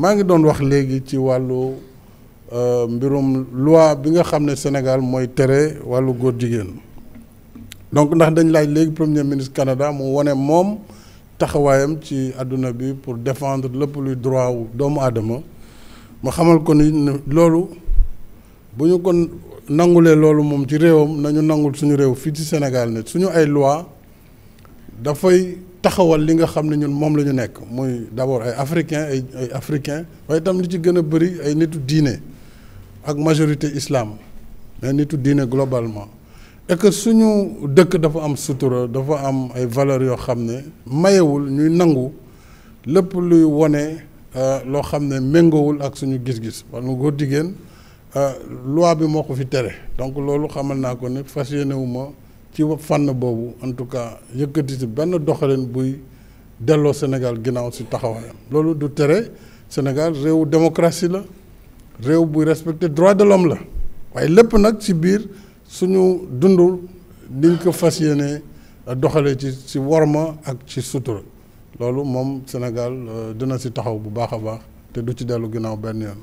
maa ngi doon wax léegi ci wàllu euh, mbirum loi bi nga xam ne Sénégal mooy tere wàllu góor jigéen donc ndax dañ laaj léegi premier ministre Canada mu wone moom taxawaayam ci àdduna bi pour défendre lépp luy droit wu doomu aadama ma xamal ko ni loolu bu ñu ko nangulee loolu moom ci réewam nañu nangul suñu réew fii ci Sénégal ne suñu ay loi dafay taxawal li nga xam ne ñun moom la ñu nekk muy d'abord ay africains ay ay africains waaye itam li ci gën a bëri ay nitu diine ak majorité islam mais nitu diine globalement et que suñu dëkk dafa am sutura dafa am ay valeurs yoo xam ne mayewul ñuy nangu lépp luy wone euh, loo xam ne méngoowul ak suñu gis-gis wala góor jigéen euh, loi bi moo ko fi tere donc loolu xamal naa ko ne fas yéenewuma ci fànn boobu en tout cas yëkkati si benn doxalin buy delloo Sénégal ginnaaw si taxawaayam loolu du tere Sénégal réewu démocratie la réew buy respecté droit de l'homme la waaye lépp nag ci biir suñu dundu niñ ko fas yéene doxalee ci si worma ak ci sutura loolu moom Sénégal euh, dina si taxaw bu baax a baax te du ci dellu ginnaaw benn yoon.